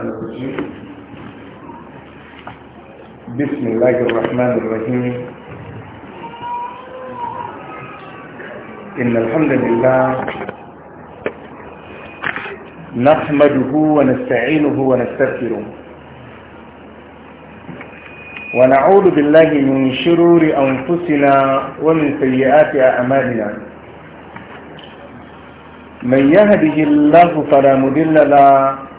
الشيطان الرجيم بسم الله الرحمن الرحيم إن الحمد لله نحمده ونستعينه ونستغفره ونعوذ بالله من شرور أنفسنا ومن سيئات أعمالنا من يهده الله فلا مضل له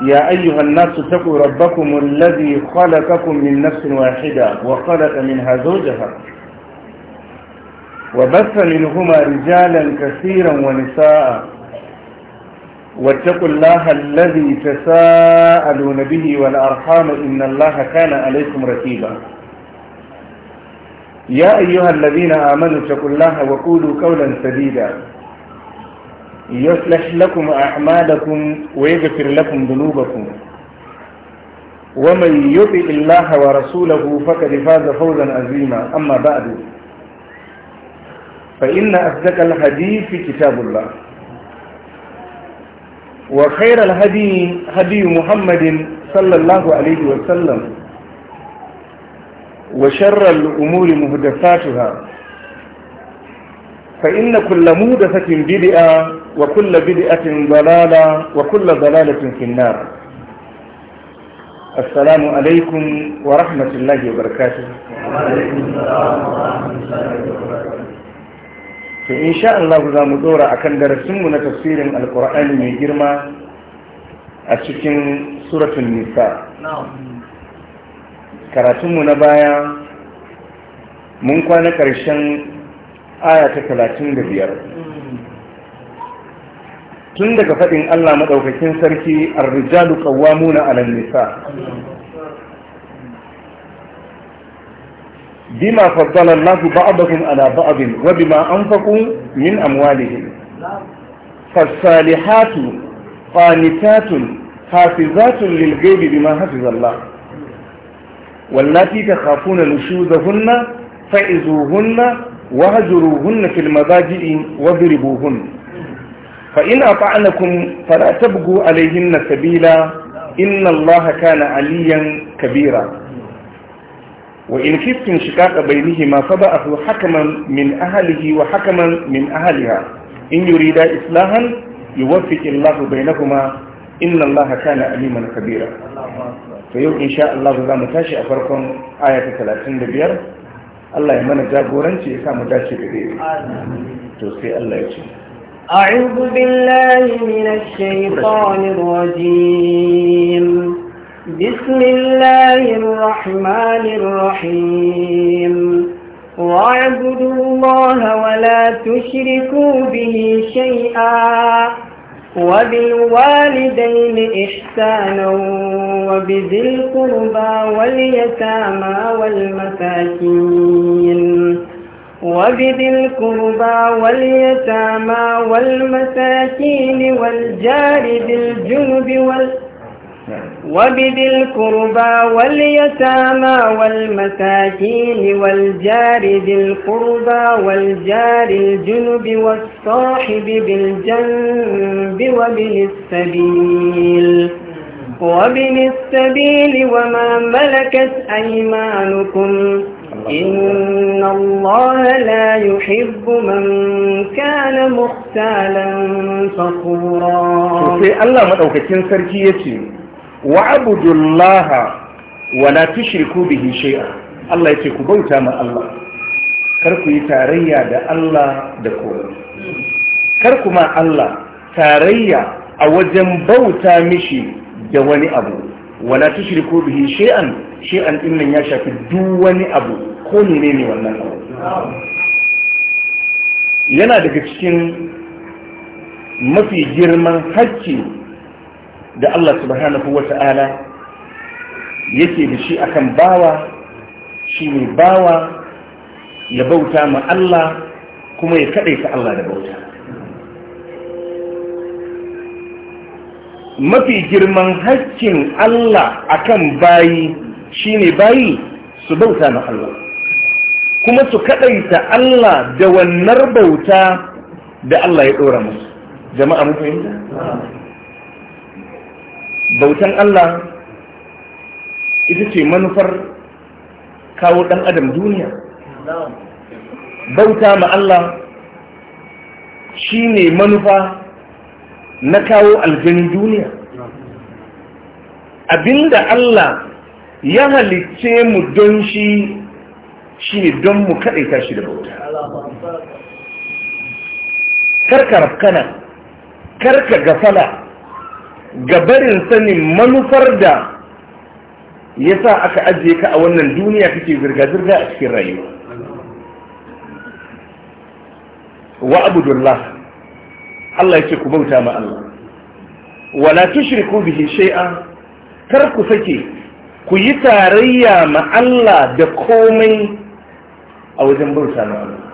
يا أيها الناس اتقوا ربكم الذي خلقكم من نفس واحدة وخلق منها زوجها وبث منهما رجالا كثيرا ونساء واتقوا الله الذي تساءلون به والأرحام إن الله كان عليكم رتيبا يا أيها الذين آمنوا اتقوا الله وقولوا قولا سديدا يصلح لكم أعمالكم ويغفر لكم ذنوبكم ومن يطع الله ورسوله فقد فاز فوزا عظيما أما بعد فإن أصدق الحديث كتاب الله وخير الهدي هدي محمد صلى الله عليه وسلم وشر الأمور مهدفاتها fa inna kulla mu da sakin bidi'a wa kulla bidi'atin dalala wa kulla dalalatin finnar assalamu alaikum wa rahmatullahi wa barakatuhu wa to insha Allah za mu dora akan darasin mu na tafsirin alqur'ani mai girma a cikin suratul nisa Karatunmu na baya mun kwana ƙarshen. aya ta talatin da biyar tun daga faɗin allah maɗaukakin sarki arrijalu ƙawwamuna na nisa bima faddala allahu ba'dakum ala ba'din wa bima anfaqu min amwalihim fasalihatu qanitatun hafizatun lilghayb bima hafiza allah wallati takhafuna nushuzahunna fa'izuhunna وهجروهن في المضاجع واضربوهن فإن أطعنكم فلا تبغوا عليهن سبيلا إن الله كان عليا كبيرا وإن خفتم شقاق بينهما فبعثوا حكما من أهله وحكما من أهلها إن يريدا إصلاحا يوفق الله بينهما إن الله كان عليما كبيرا فيوم إن شاء الله ذا متاشي أفركم آية 35 Allah ya mana jagoranci ya samu dace da dai to sai Allah ya ce أعوذ بالله من الشيطان الرجيم بسم الله الرحمن الرحيم واعبدوا الله ولا تشركوا به شيئا وبالوالدين إحسانا وبذي القربى واليتامى والمساكين وبذي القربى واليتامى والمساكين والجار ذي الجنب والأرض وبذي القربى واليتامى والمساكين والجار ذي القربى والجار الجنب والصاحب بالجنب وبن السبيل وبن السبيل وما ملكت أيمانكم إن الله لا يحب من كان مختالا فخورا. الله مدعوك تنسر كي wa abudullaha wa la tushriku bihi shay'a Allah yake ku bauta ma Allah kar ku yi tarayya da Allah da kowa kar kuma Allah tarayya a wajen bauta mishi da wani abu wala tushriku bihi shay'an shay'an din nan ya shafi duk wani abu ko ne ne wannan abu yana daga cikin mafi girman hakki da Allah subhanahu wata'ala yake da shi akan bawa shi ne bawa ya bauta ma Allah kuma ya kaɗaita Allah da bauta mafi girman hakkin Allah akan bayi shi ne bayi su bauta ma Allah kuma su kaɗaita Allah da wannan bauta da Allah ya ɗora musu jama'a mun fahimta bautan Allah ita ce manufar kawo ɗan adam duniya bauta ma Allah shi ne manufa na kawo aljani duniya abinda Allah ya halicce mu don shi shi ne don mu kaɗaita shi da bauta karka rafkana karka gafala ga barin sanin manufar da ya sa aka ajiye ka a wannan duniya kake zirga-zirga a cikin rayuwa wa abudullah Allah ce ku bauta ma Allah wala tushriku bihi shay'a kar ku sake ku yi tarayya ma Allah da komai a wajen bauta ma Allah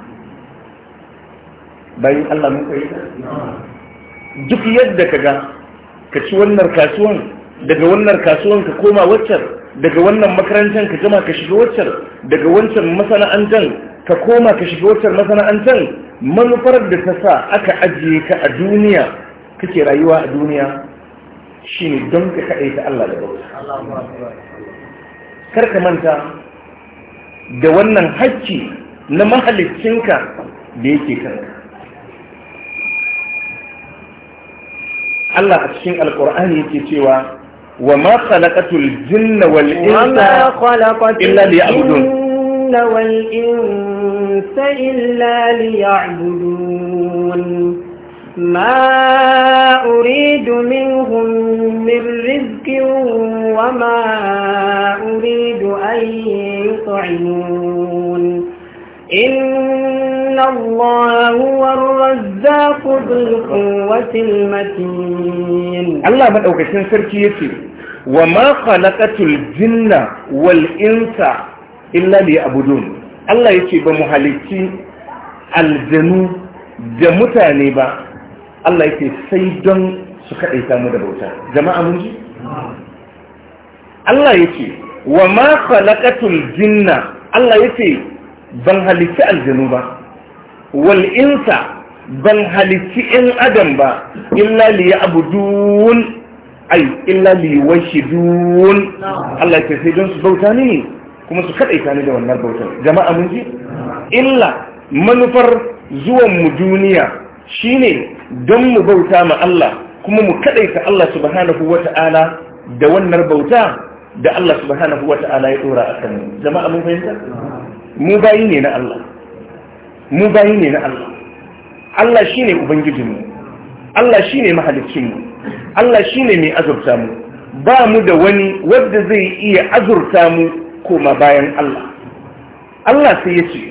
bayan Allah mun kai duk yadda kaga ka ci wannan kasuwan daga wannan kasuwan ka koma waccar daga wannan makarantar ka jama ka shiga waccar daga wancan masana'antar ka koma ka shiga waccar masana'antar manufar da ta sa aka ajiye ka a duniya kake rayuwa a duniya shi ne don ka kaɗai ta Allah da bauta kar ka manta da wannan hakki na mahalicinka da yake kanka Allah a cikin alkur'ani yake cewa wa ma khalaqatul jinna wal insa illa liya'budun والإنس إلا ليعبدون ما أريد منهم من رزق وما أريد أن يطعمون إن الله هو الرزاق ذو القوة المتين الله ما أوكسين سركيتي وما خلقت الجن والإنس إلا ليعبدون الله يتي بمحالتي aljanu da mutane ba Allah yake sai don su kaɗai samu da bauta jama'a mun ji? Allah wa ma khalaqatul jinna Allah ce ban halitta aljanu ba Wal'insa ban halitti ‘yan adam ba illa li ya abudun ai illa li washidun Allah ke sai don su bauta ne kuma su kaɗaita ni da wannan bautar jama'a mun ji illa manufar zuwan mu duniya shi ne don mu bauta ma Allah kuma mu kaɗaita Allah subhanahu wata'ala da wannan bauta da Allah subhanahu wata'ala ya dora akan jama'a mun fahimta mu bayi ne na Allah mu bayi ne na Allah Allah shi ne Ubangijinmu Allah shi ne mahalicinmu Allah shi ne mai azurta mu ba mu da wani wadda zai iya azurta mu koma bayan Allah Allah sai ya ce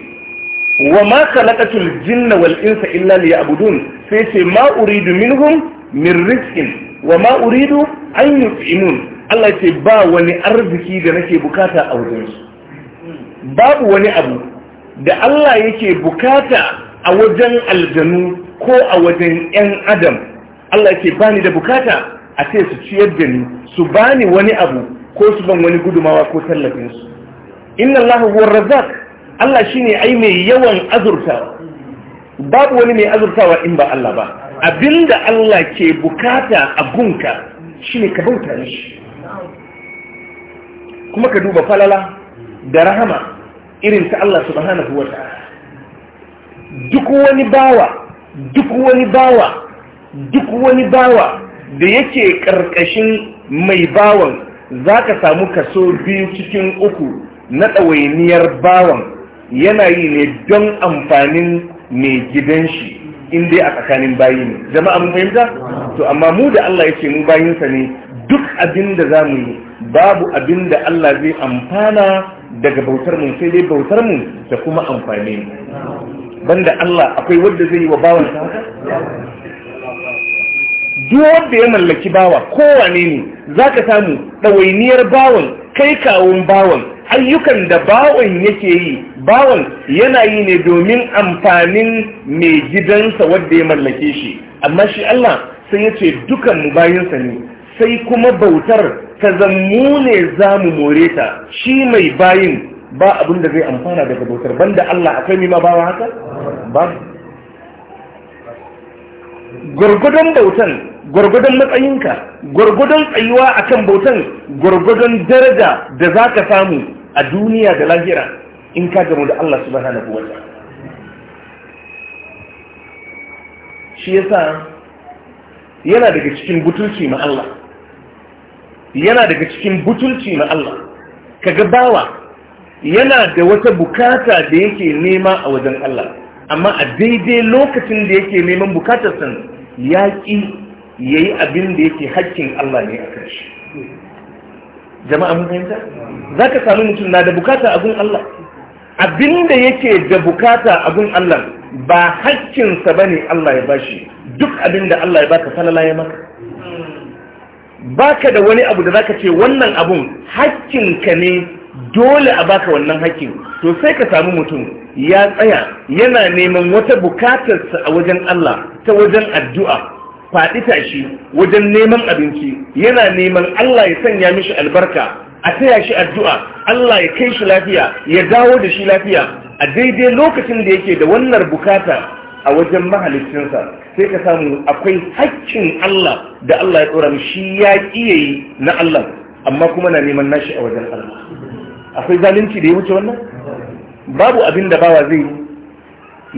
wa ma khalaqatul jinna wal insa illa liya'budun sai ce ma uridu minhum min rizqin wa ma uridu an yut'imun Allah ce ba wani arziki da nake bukata a wurin su babu wani abu da Allah yake bukata a wajen aljanu ko a wajen 'yan adam Allah yake bani da bukata a ce su ciyar da ni su bani wani abu ko su ban wani gudumawa ko tallafinsu inna Allah huwa razak Allah shine ai mai yawan azurtawa babu wani mai azurtawa in ba Allah ba abinda Allah ke bukata a gunka shine ka bauta shi. kuma ka duba falala da rahama irin ta Allah subhanahu wa ta'ala duk wani bawa duk wani bawa duk wani bawa da yake karkashin mai bawan zaka samu kaso biyu cikin uku na ɗawainiyar bawan yana yi ne don amfanin mai gidan shi in dai a tsakanin bayi ne jama'a mun fahimta to amma mu da Allah yake mu bayinsa ne duk abin da za mu yi babu abin da Allah zai amfana daga bautar mu sai dai bautar mu da kuma amfani banda Allah akwai wanda zai yi wa bawan sa duk wanda ya mallaki bawa kowane ne zaka samu ɗawainiyar bawan kai kawun bawan ayyukan da bawan yake yi bawan yana yi ne domin amfanin mai gidansa wanda ya mallake shi amma shi Allah sai ya ce dukan mu bayinsa ne sai kuma bautar ka zammu ne za mu more ta shi mai bayin ba abin da zai amfana daga bautar banda Allah akwai mima ba wa haka? ba gwargwadon bautan gwargwadon matsayinka gwargwadon tsayuwa akan bautan gwargwadon daraja da za ka samu a duniya da lahira in ka gamu da Allah subhanahu na ta'ala shi yasa yana daga cikin butulci ma Allah yana daga cikin butulci na Allah kaga bawa yana da wata bukata da yake nema a wajen Allah amma a daidai lokacin da yake neman bukatar san yaƙi yayi abin da yake haƙƙin Allah ne a kan shi jama'a mun fahimta zaka samu mutum na da bukata a gun Allah abin da yake da bukata a gun Allah ba sa bane Allah ya bashi duk abin da Allah ya baka falala ya maka baka da wani abu da zaka ce wannan abun hakkinka ne dole a baka wannan hakkin to sai ka samu mutum ya tsaya yana neman wata bukatarsa a wajen Allah ta wajen addu'a faɗi tashi wajen neman abinci yana neman Allah ya sanya mishi albarka a taya shi addu'a Allah ya kai shi lafiya ya dawo da shi lafiya a daidai lokacin da yake da wannan bukata a wajen mahalicinsa sai ka samu akwai haƙƙin Allah da Allah ya tsora shi ya kiyaye na Allah amma kuma na neman nashi a wajen Allah akwai zalunci da ya wuce wannan babu abin da bawa zai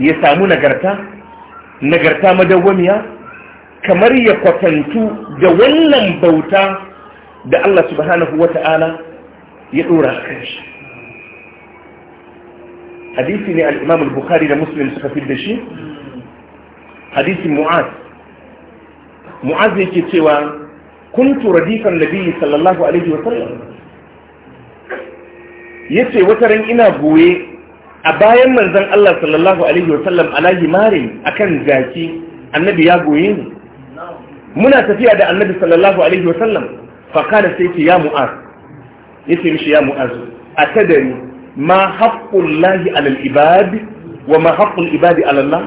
ya samu nagarta nagarta madawwamiya kamar ya kwatantu da wannan bauta da Allah subhanahu wata'ala ya dora kan shi hadisi ne al-Imam al-Bukhari da Muslim suka fi da shi hadisin mu'az mu'az yake cewa kun kuntu radifan nabiyyi sallallahu alaihi wa sallam Ya ce wata ran ina goye a bayan manzan Allah sallallahu alaihi wa sallam ala himarin akan zaki annabi ya goye ni muna tafiya da annabi sallallahu alaihi wa sallam Fakana sai ce ya mu'az yace mishi ya mu'az atadari ma haqqul lahi alal ibad wa ma haƙƙun ibadi ala Allah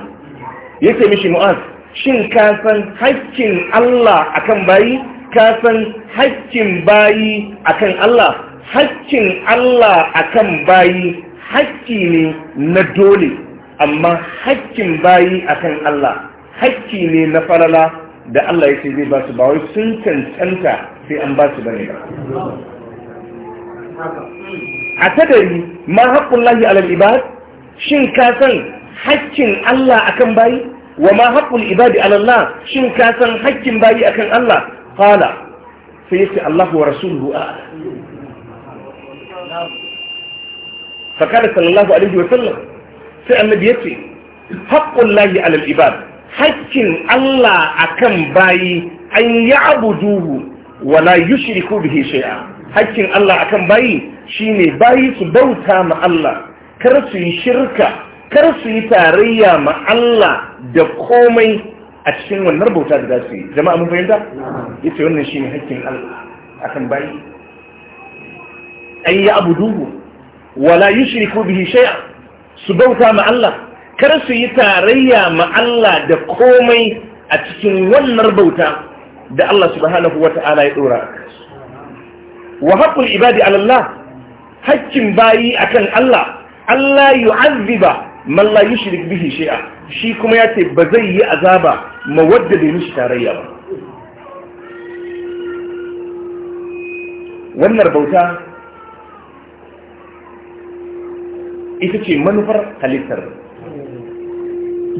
yake mishi mu'az shin ka san haƙƙin Allah akan bayi ka san haƙƙin bayi akan Allah haƙƙin Allah akan bayi haƙƙi ne na dole amma haƙƙin bayi akan Allah haƙƙi ne na farala da Allah yake zai ba su ba wai sun cancanta sai an ba su bane ba a tadari ma haƙƙun lahi alal ibad shin ka san hakkin Allah akan bayi wa ma haqqul ibadi ala Allah shin ka san hakkin bayi akan Allah qala sai yace Allah wa rasuluhu a fa kana sallallahu alaihi wa sallam sai annabi yace haqqul lahi ala al-ibad hakkin Allah akan bayi an ya'buduhu wa la yushriku bihi shay'a hakkin Allah akan bayi shine bayi su bauta ma Allah kar su yi shirka kar su yi tarayya ma Allah da komai a cikin wannan bauta da za su yi jama'a mun fahimta yace wannan shi shine hakkin Allah akan bayi ay wala yi la ko bihi shay'a su bauta ma Allah kar su yi tarayya ma Allah da komai a cikin wannan bauta da Allah subhanahu ta'ala ya dora wa haqqul ibadi ala Allah hakkin bayi akan Allah Allah yu'azziba man la yushrik bihi shay'a shi kuma ya ce ba zai yi azaba ma wadda bai tarayya ba wannan bauta ita ce manufar halittar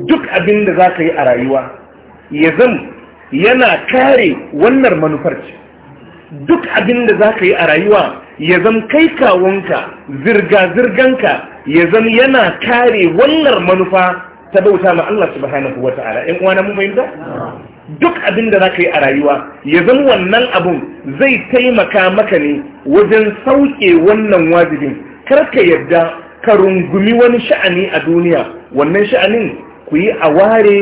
duk abin da za ka yi a rayuwa ya zan yana kare wannan manufar ce duk abin da za ka yi a rayuwa ya kai kawunka zirga-zirganka ya zam yana kare wannan manufa ta bauta ma Allah subhanahu wa ta'ala in uwana mun fahimta duk abin da ka yi a rayuwa ya zama wannan abun zai taimaka maka ne wajen sauke wannan wajibin karka ka yadda ka rungumi wani sha'ani a duniya wannan sha'anin ku yi a ware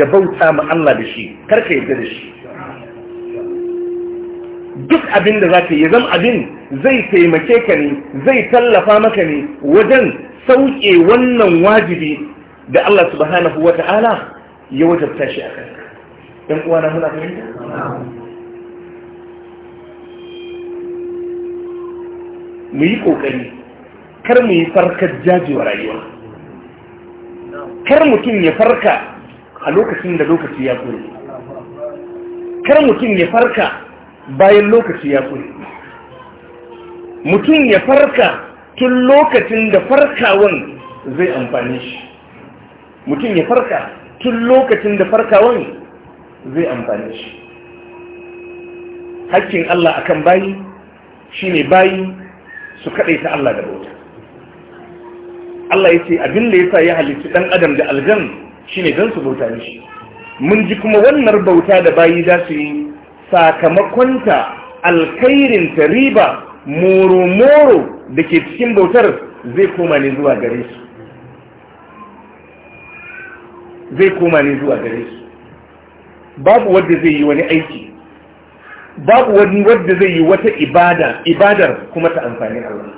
da bauta ma Allah da shi kar yadda da shi duk abin da za ka yi zama abin zai taimake ka ne zai tallafa maka ne wajen sauke wannan wajibi da Allah subhanahu wa ta'ala ya wajabta shi a kanka ɗan uwana muna fahimta mu yi ƙoƙari kar mu yi farkar jajewa rayuwa kar mutum ya farka a lokacin da lokaci ya kure kar mutum ya farka bayan lokaci ya kure mutum ya farka tun lokacin da farkawan zai amfani shi mutum ya farka tun lokacin da farkawan zai amfani shi hakkin Allah akan bayi shine bayi su ta Allah da bauta Allah ya ce abin da ya sa ya halittu ɗan adam da aljan shine don su bauta mishi mun ji kuma wannan bauta da bayi za su yi sakamakonta alkhairin riba moro-moro da ke cikin bautar zai koma ne zuwa gare su zai koma ne zuwa gare su babu wadda zai yi wani aiki babu wani wadda zai yi wata ibada ibadar kuma ta amfani Allah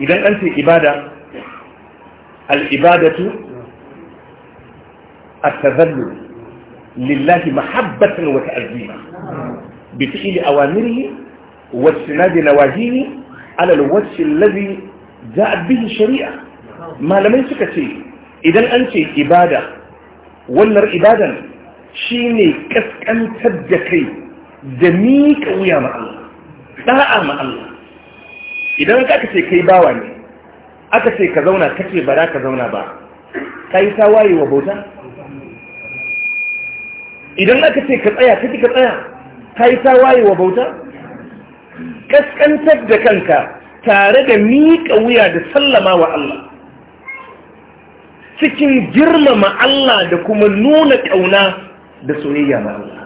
idan an ce ibada al-ibadatu at-tazallul lillahi mahabbatan wa ta'zima bi fi'li awamirihi wa istinabi nawahihi ala alwajh alladhi shari'a malamai suka ce idan an ce ibada wannan ibadan shine kaskantar da kai da miƙa wuya ma Allah da'a ma Allah idan ka ce kai bawa ne aka ce ka zauna kace ba za ka zauna ba ka yi tawaye wa bauta idan aka ce ka tsaya kaki ka tsaya ka yi tawaye wa bauta kaskantar da kanka tare da miƙa wuya da sallama wa Allah cikin girmama Allah da kuma nuna ƙauna da soyayya ma Allah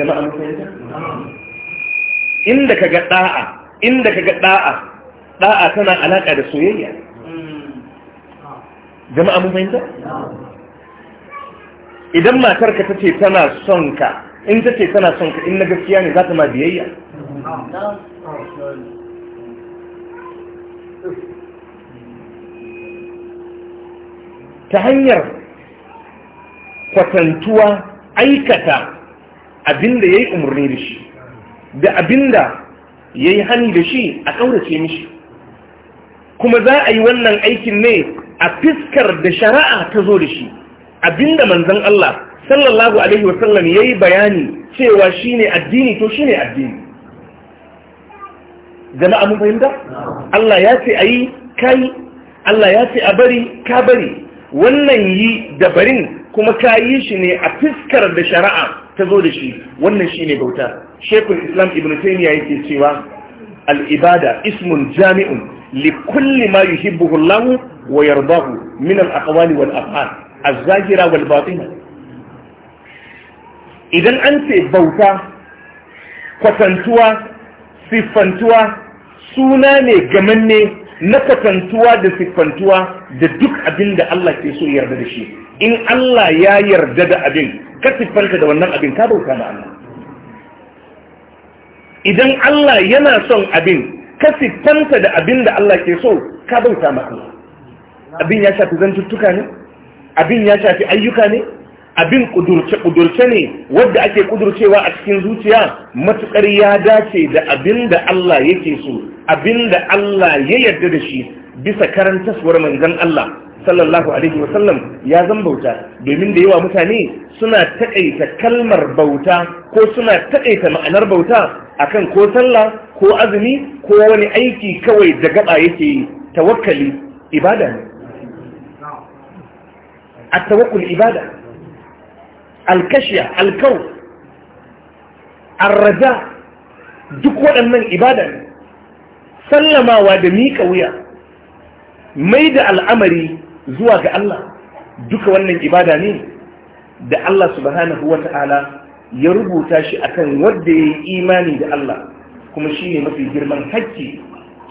jama'a mutunta inda kaga da'a inda kaga da'a da'a tana alaka da soyayya jama'a fahimta? idan matar ka tace tana son ka in tace tana son ka in na gaskiya ne za ta ma biyayya ta hanyar kwatantuwa aikata abinda ya yi umarni da shi da abinda ya yi hani da shi a kaurace mishi kuma za a yi wannan aikin ne a fiskar da shari'a ta zo da shi abinda manzon Allah sallallahu alaihi wasallam yayi bayani cewa shine addini to shine addini jama'a mun fahimta Allah ya ce ayi kai Allah ya ce a bari ka bari wannan yi da barin kuma ka yi shi ne a fiskar da shari'a ta zo da shi wannan shi ne bauta shekul islam ibn taymiya yake cewa al'ibada ismun jami'un li kulli ma yuhibbuhu Allah wa yardahu min al-aqwali wal af'al الزاجرة zahira wal أنت idan an ce bauta جمني siffantuwa suna ne gamanne na kwatantuwa da siffantuwa da duk abin Allah ke so yarda da shi in Allah ya yarda da abin ka siffanta da wannan abin da idan Allah yana son abin ka siffanta da abin Allah ke so ka bauta ma abin ya shafi zantuttuka ne abin ya shafi ayyuka ne abin kudurce-kudurce ne wadda ake kudurcewa a cikin zuciya matukar ya dace da abinda da Allah yake so abinda Allah ya yarda da shi bisa karantaswar manzan Allah sallallahu alaihi wasallam ya zan bauta domin da yawa mutane suna taƙaita kalmar bauta ko suna taƙaita ma'anar bauta akan ko sallah ko azumi ko wani aiki kawai da gaba yake tawakkali ibada ne التوكل عبادة الكشية الكون الرجاء duk waɗannan ibada ne sallamawa da miƙa wuya mai da al'amari zuwa ga Allah duka wannan ibada ne da Allah subhanahu wa ta'ala ya rubuta shi akan wadda ya yi imani da Allah kuma shi ne mafi girman hakki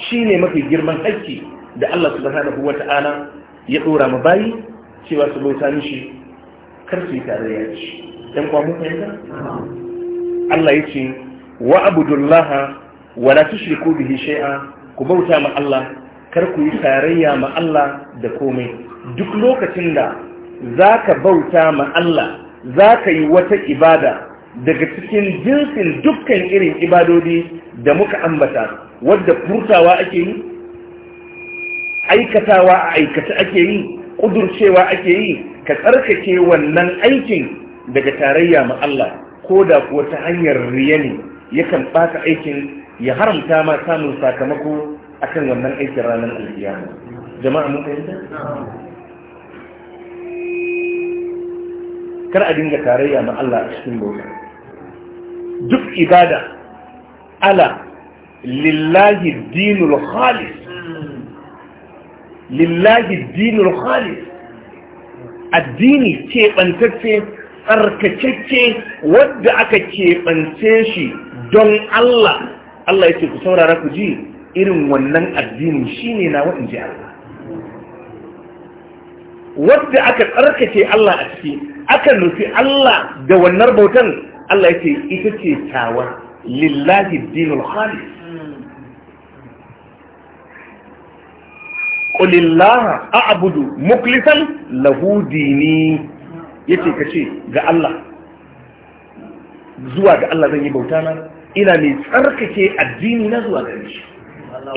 shi ne mafi girman da Allah subhanahu wa ta'ala ya ɗora ma bayi cewa su bauta mishi kar su yi tarayya shi dan kwa mun fahimta Allah ya ce wa abudullaha wa la tushriku bihi shay'a ku bauta ma Allah kar ku yi tarayya ma Allah da komai duk lokacin da zaka bauta ma Allah zaka yi wata ibada daga cikin jinsin dukkan irin ibadodi da muka ambata wadda furtawa ake yi aikatawa a aikata ake yi ƙudurcewa ake yi ka tsarkake wannan aikin daga tarayya ma Allah ko da kuwa ta hanyar riya ne yakan ɓata aikin ya haramta ma samun sakamako akan wannan aikin ranar alkiyama jama'a mun fahimta kar a dinga tarayya ma Allah a cikin bauta duk ibada ala lillahi dinul khalis lillahi dinul khalis addini keɓantacce tsarkakecce wadda aka keɓance shi don Allah Allah ya ce ku saurara ku ji irin wannan addini shine na wa'in ji Allah wadda aka tsarkake Allah a ciki aka nufi Allah da wannan bautan Allah ya ce ita ce tawa lillahi dinul khalis a a'budu muklisan Ya ce yace ce ga Allah zuwa ga Allah zan yi bauta na ina mai tsarkake addini na zuwa ga shi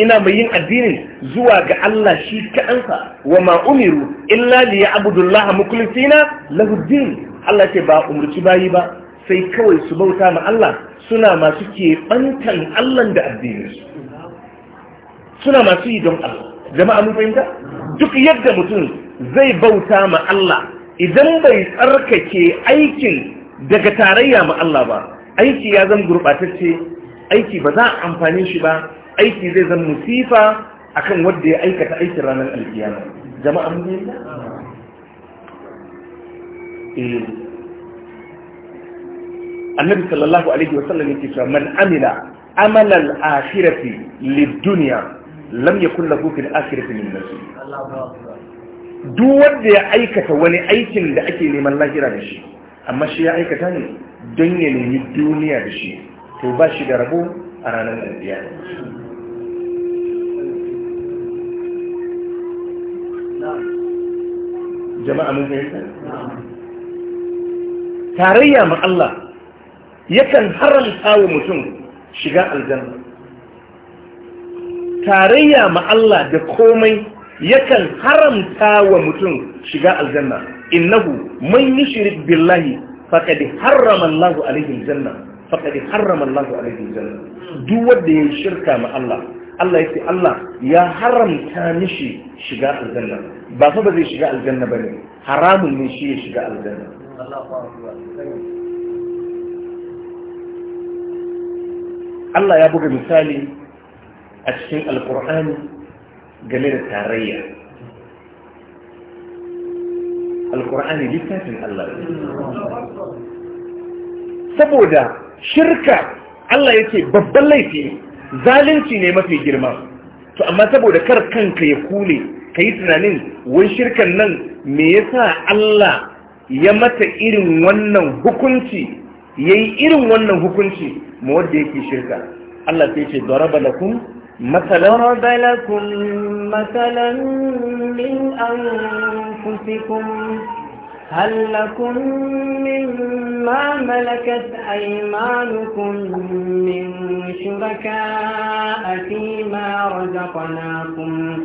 ina mai yin addini zuwa ga Allah shi kaɗansa wa ma umiru illa li ya'budullaha mukhlisina lahu din Allah ce ba umurci bayi ba sai kawai su bauta ma Allah suna masu ke bantan Allah da addini suna masu yi don Allah jama'a mun fahimta duk yadda mutum zai bauta ma Allah idan bai tsarkake aikin daga tarayya ma Allah ba aiki ya zama gurɓatacce aiki ba za a amfani shi ba aiki zai zama musifa akan wanda ya aikata aikin ranar alkiyama jama'a mun fahimta eh annabi sallallahu alaihi wasallam yake cewa man amila amalan akhirati lid-dunya lam yakun lahu fil akhirati min nasib duk wanda ya aikata wani aikin da ake neman lahira da shi amma shi ya aikata ne don ya nemi duniya da shi to ba shi da rabo a ranar ƙarfiya jama'a mun fahimta tarayya ma Allah yakan haramta wa mutum shiga aljanna tarayya ma Allah da komai yakan haramta wa mutum shiga aljanna innahu man yushrik billahi faqad harrama Allahu alaihi aljanna faqad harrama Allahu alaihi aljanna duk wanda ya shirka ma Allah Allah yace Allah ya haramta mishi shiga aljanna ba fa ba zai shiga aljanna bane haramun ne shi ya shiga aljanna Allah ya buga misali a cikin alkur'ani game da tarayya alkur'ani littafin Allah saboda shirka Allah yake babban laifi zalunci ne mafi girma to amma saboda kar kanka ya kule ka yi tunanin wai shirkan nan me yasa Allah ya mata irin wannan hukunci ya yi irin wannan hukunci ma wadda yake shirka Allah sai ce daraba مثلا رب لكم مثلا من أنفسكم هل لكم مما ملكت أيمانكم من شركاء فيما رزقناكم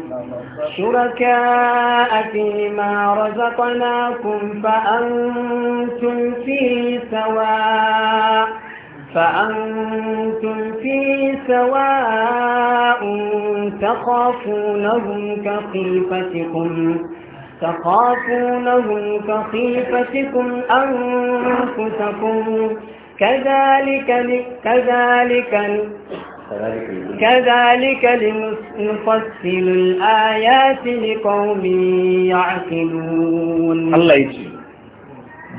شركاء فيما رزقناكم فأنتم فيه سواء فأنتم في سواء تخافونهم كخيفتكم تخافونهم كخيفتكم أنفسكم كذلك كذلك كذلك نفصل الآيات لقوم يعقلون الله يجي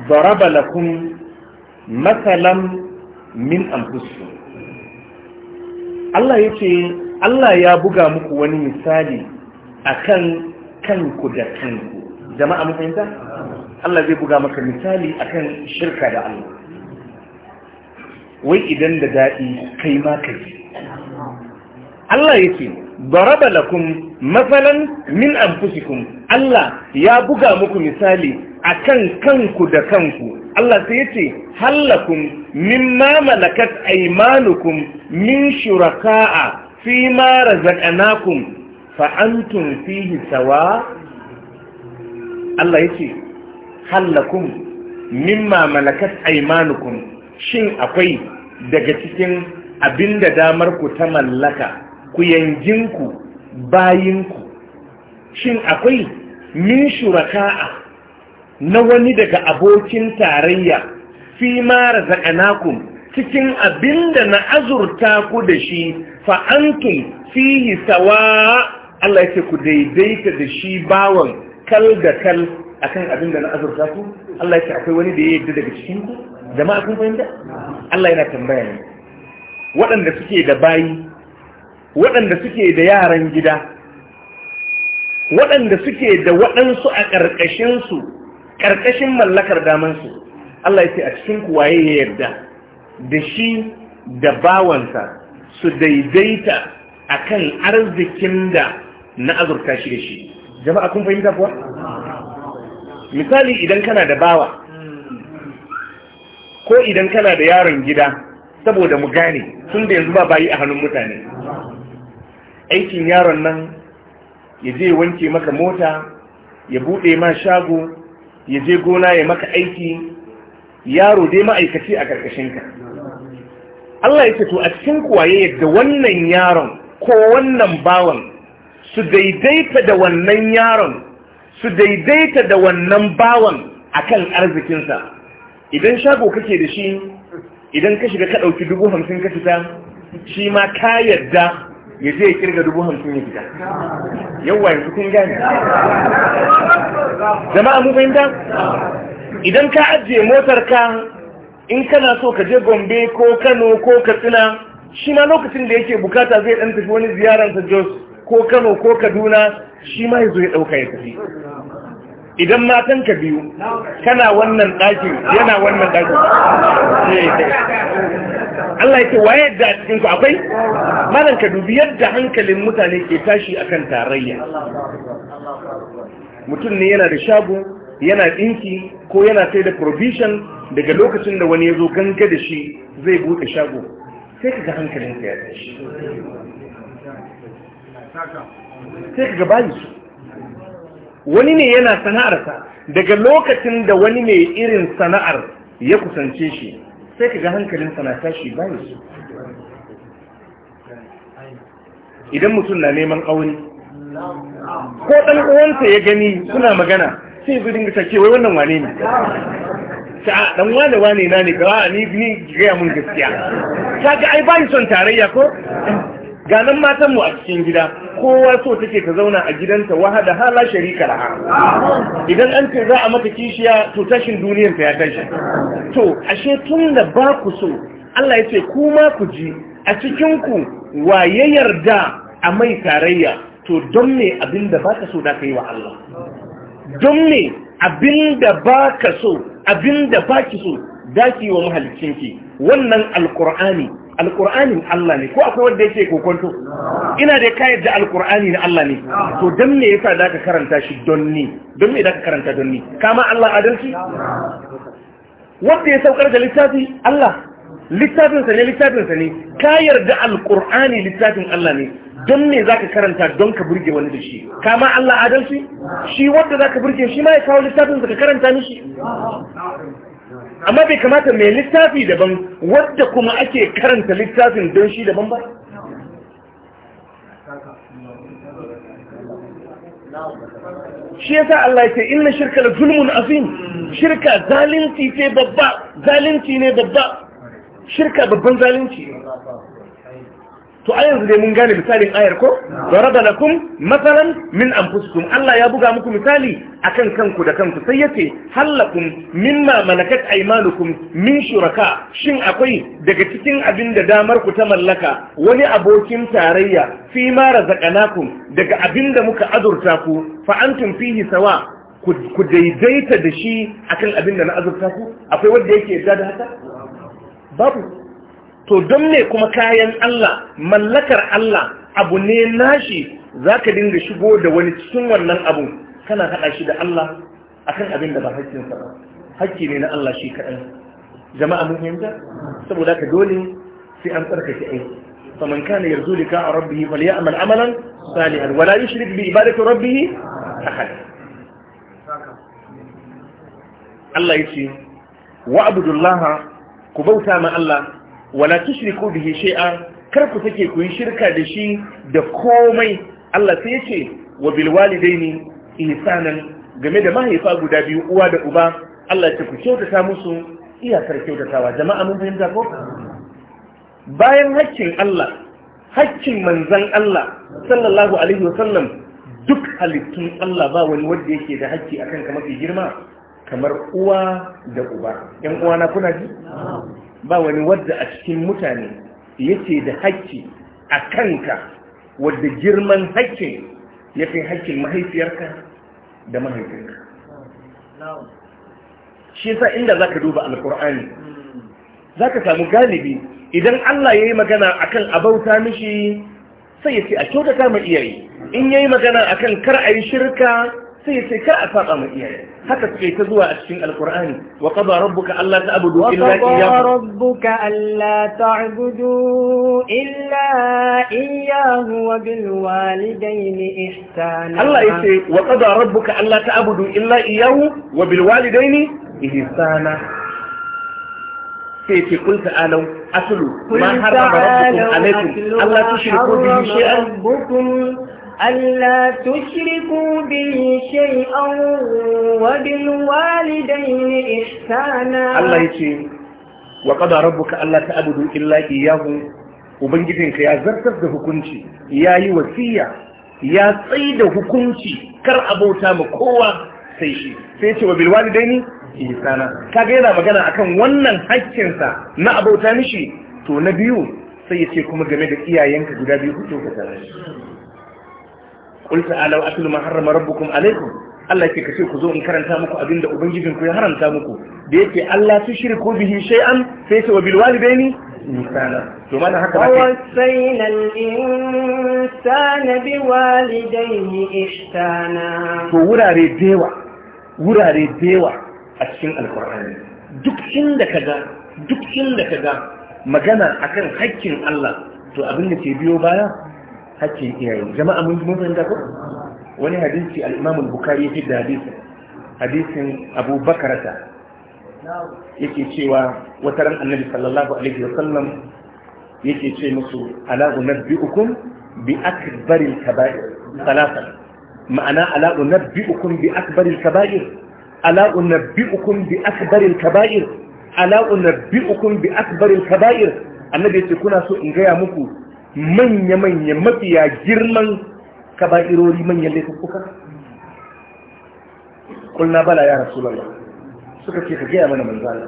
ضرب لكم مثلا min amfusu. Allah ce Allah ya buga muku wani misali akan kanku da kanku jama'a mun Allah zai buga maka misali akan shirka da Allah wai idan da daɗi kai ma kai Allah yake ضرب لكم مثلا من أنفسكم الله يا بغى مكم مثالي a kan kanku da kanku Allah sai yace hallakum mimma malakat aymanukum min shuraka'a fi ma razaqnakum fa antum fihi sawa Allah yace hallakum mimma malakat aymanukum shin akwai daga cikin abinda damar ku ta mallaka ku yanjinku bayinku shin akwai min shuraka'a na wani daga abokin tarayya fi ma razaqnakum cikin abin da na azurta ku da shi fa antum fihi sawa Allah ya ce ku daidaita da shi bawan kal da kal a kan abin da na azurta ku Allah ya ce akwai wani da ya yadda daga cikin ku jama'a kun fahimta Allah yana tambaya ne waɗanda suke da bayi waɗanda suke da yaran gida waɗanda suke da waɗansu a ƙarƙashinsu ƙarƙashin mallakar damansu Allah ya ce a cikin kuwaye ya yarda da shi da bawansa su daidaita a kan arzikin da na azurta shi da shi jama'a kun fahimta kuwa? misali idan kana da bawa ko idan kana da yaron gida saboda mu gane sun da yanzu ba bayi a hannun mutane aikin yaron nan ya je wanke maka mota ya buɗe ma shago ya je gona ya maka aiki yaro dai ma'aikaci a ƙarƙashinka Allah ya ce to a cikin kuwaye yadda wannan yaron ko wannan bawan su daidaita da wannan yaron su daidaita da wannan bawan a kan arzikinsa idan shago kake da shi idan ka shiga ka ɗauki dubu hamsin ka fita shi ma ka yadda ya zai kirga dubu hamsin ya fita yawwa yanzu kun gane a mu fahimta idan ka ajiye motar ka in kana so ka je gombe ko kano ko katsina shi ma lokacin da yake bukata zai dan tafi wani ziyararsa jos ko kano ko kaduna shi ma ya zo ya ɗauka ya tafi idan matan ka biyu kana wannan ɗakin yana wannan ɗakin eh. Allah yake waye da cikin ku akwai malan ka dubi yadda hankalin mutane ke tashi akan tarayya mutum ne yana da shago yana dinki ko yana sai da provision daga lokacin da wani ya zo ganga da shi zai buɗe shago sai ka ga hankalin ka ya tashi sai ka ga bayi wani ne yana sana'arsa daga lokacin da wani mai irin sana'ar ya kusance shi sai ka ga hankalinsa na tashi ba su idan mutum na neman auni, ko ɗan uwansa ya gani suna magana sai gudun ga take wannan wane ne ta ɗan wane wane na ne ga ni ni gaya mun gaskiya Ta ga ai bai son tarayya ko ga nan matan a cikin gida kowa so take ta zauna a gidanta da hala sharika laha idan an ce za a mata kishiya to tashin duniyar ta ya tashi to ashe tun da ba ku so Allah ya ce kuma ku ji a cikin ku waye yarda a mai tarayya to don me ba baka so da kai wa Allah don me abinda ka so ba baki so daki wa mahalicinki wannan alkur'ani alkur'anin Allah ne ko akwai wanda yake kokonto ina da ka yadda alkur'ani na Allah ne to dan me yasa ka karanta shi don ni don me ka karanta don ni kama Allah adalci wanda ya saukar da littafi Allah littafin sa ne littafin sa ne ka yarda alkur'ani littafin Allah ne don me zaka karanta don ka burge wani da shi kama Allah adalci shi wanda zaka burge shi ma ya kawo littafin sa ka karanta mishi amma bai kamata mai littafi daban wadda kuma ake karanta littafin don shi daban ba shi yasa Allah ya ce inna shirka da zulmun azim shirka zalunci ce babba zalunci ne babba shirka babban zalunci ne to a yanzu dai mun gane misalin ayar ko darada lakum masalan min anfusikum Allah ya buga muku misali akan kanku da kanku sai yace halakum mimma malakat aymanukum min shuraka shin akwai daga cikin abin da damar ku ta mallaka wani abokin tarayya fi ma razaqanakum daga abin da muka azurta ku fa antum fihi sawa ku daidaita da shi akan abin da na azurta ku akwai wanda yake da haka babu to don me kuma kayan Allah mallakar Allah abu ne nashi za ka dinga shigo da wani cikin wannan abu kana haɗa shi da Allah akan abin da ba haƙƙinsa ba haƙƙi ne na Allah shi kaɗan jama'a mun fahimta saboda ka dole sai an tsarkake aiki faman kana yarzu lika rabbihi falyamal amalan salihan wala yushrik bi ibadati rabbihi ahada Allah ya ce wa abudullaha ku bauta ma Allah wala tushriku bihi shay'a kar ku take ku yi shirka da shi da komai Allah sai yace ce wa bil walidaini ihsanan game da mahaifa guda biyu uwa da uba Allah ya ku kyautata musu iyakar kyautatawa jama'a mun fahimta ko bayan haƙƙin Allah haƙƙin manzon Allah sallallahu alaihi wa sallam, duk halittun Allah ba wani wanda yake da haƙƙi akan ka mafi girma kamar uwa da uba ƴan uwana kuna ji ba wani wadda a cikin mutane yake da haƙƙi a kanka wadda girman haƙƙin ya fi haƙƙin mahaifiyarka da mahaifinka shi yasa inda za ka duba alƙur'ani za ka samu galibi idan Allah ya yi magana a kan abauta mishi sai ya ce a kyautata ma iyayi in ya yi magana a kan kar a yi shirka sai ya ce kar a saba ma iyaye haka suke ta zuwa a cikin alkur'ani wa qada rabbuka alla ta'budu illa iyyahu wa rabbuka alla ta'budu illa iyyahu wa bil walidayni ihsana Allah yace wa qada rabbuka alla ta'budu illa iyyahu wa bil walidayni ihsana sai ce kul ta'alau aslu ma harama rabbukum alaykum alla tushriku bihi shay'an ألا تشركوا به شيئا وبالوالدين إحسانا الله يتي وقد ربك ya تعبدوا إلا إياه وبنجدين يا زرتر ده حكمتي يا يوسيا يا سيد حكمتي كر أبوتا مكوا sai shi sai ce wa bilwalidaini ihsana kaga yana magana a kan wannan haƙƙinsa na abauta mishi to na biyu sai ya ce kuma game da iyayenka guda biyu ku ka qul ta'alu atlu ma harrama rabbukum alaykum Allah yake kace ku zo in karanta muku abinda da ubangijin ku ya haramta muku da yake Allah tushriku bihi shay'an sai ce wa bil walidaini insana to mana haka ake wasayna al insana bi walidayhi ihsana to wurare dewa wurare dewa a cikin alqur'ani duk inda kaga duk inda kaga magana akan hakkin Allah to abin da ke biyo baya hakkin iyaye jama'a mun mun da ko wani hadisi al-Imam al-Bukhari ya fidda hadisin hadisin Abu Bakarata yake cewa wata ran Annabi sallallahu alaihi wa sallam yake ce musu ala unabbiukum bi akbaril kaba'ir salatan ma'ana ala unabbiukum bi akbaril kaba'ir ala unabbiukum bi akbaril kaba'ir ala unabbiukum bi akbaril kaba'ir annabi yace kuna so in gaya muku manya-manya mafiya girman kaba'irori manyan laifuka kulna bala ya rasu lalla suka ce ka gaya mana manzana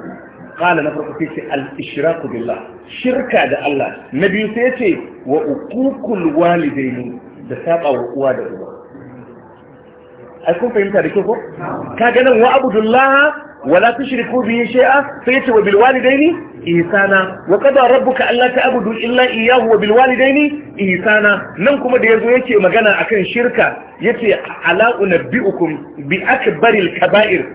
kala na farko sai ce al ishiraku billah shirka da Allah na biyu sai ce wa uququl walidaini da saba wa uwa da uba ai kun fahimta da kyau ko kaga nan wa abdullah wala tushriku bihi shay'a sai yace wa bil walidaini ihsana wa qada rabbuka alla ta'budu illa iyyahu wa bil walidaini ihsana nan kuma da yazo yake magana akan shirka yace ala unabbiukum bi akbaril kaba'ir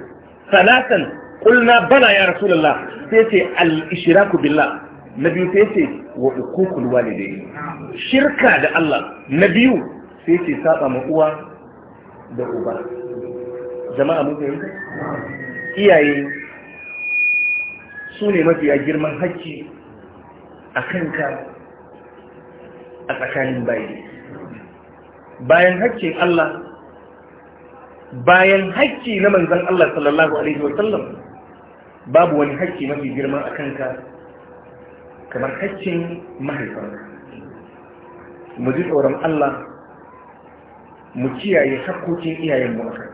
salatan qulna bala ya rasulullah sai yace al ishraku billah na biyu sai yace wa uququl walidaini shirka da Allah na biyu sai yace saba ma uwa da uba jama'a mun fahimta iyaye su ne mafiya girman hakki a kanka a tsakanin bayi bayan hakkin Allah bayan hakki na manzan Allah sallallahu Alaihi wasallam babu wani hakki mafi girma a kanka kamar hakkin mahaifar. mu ji tsoron Allah mu kiyaye hakkokin iyayenmu a kai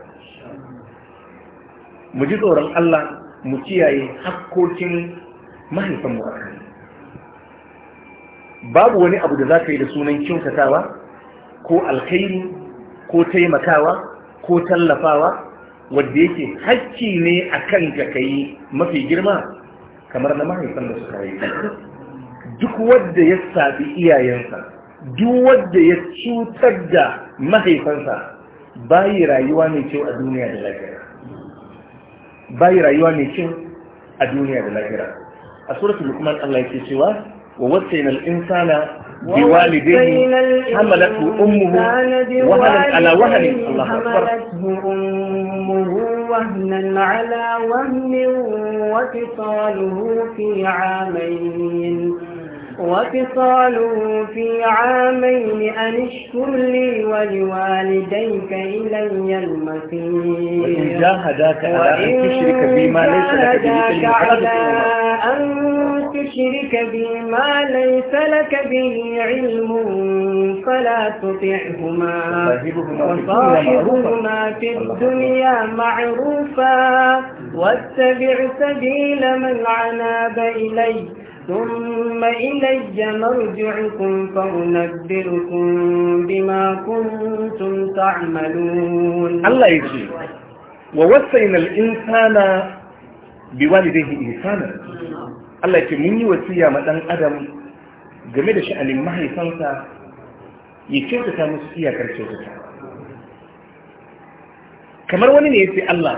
mu ji tsoron Allah mu kiyaye hakkokin mahaifanmu a kai babu wani abu da za ka yi da sunan kyautatawa ko alkhairi ko taimakawa ko tallafawa wadda yake hakki ne a kan ka kai mafi girma kamar na mahaifan da suka yi duk wadda ya safi iyayensa duk ya cutar da mahaifansa bayi rayuwa mai kyau a duniya da lafiya bayi rayuwa mai kyau a duniya da lafiya a suratul hukumar Allah yake cewa wa wasayna al-insana biwalidayhi hamalathu ummuhu wa halan ala wahnin allah akbar وهنا على وهن وفصاله في عامين أن اشكر لي ولوالديك إلي المصير وإن جاهداك على أن تشرك بما ليس لك به علم تشرك بما ليس لك به علم فلا تطعهما وصاحبهما في الدنيا معروفا واتبع سبيل من عناب إليك ثم إلي مرجعكم فأنبئكم بما كنتم تعملون الله يجي ووصينا الإنسان بوالديه إنسانا Allah ya ce mun yi wasiya ma ɗan adam game da sha'anin mahaifansa ya kamar wani ne ya ce Allah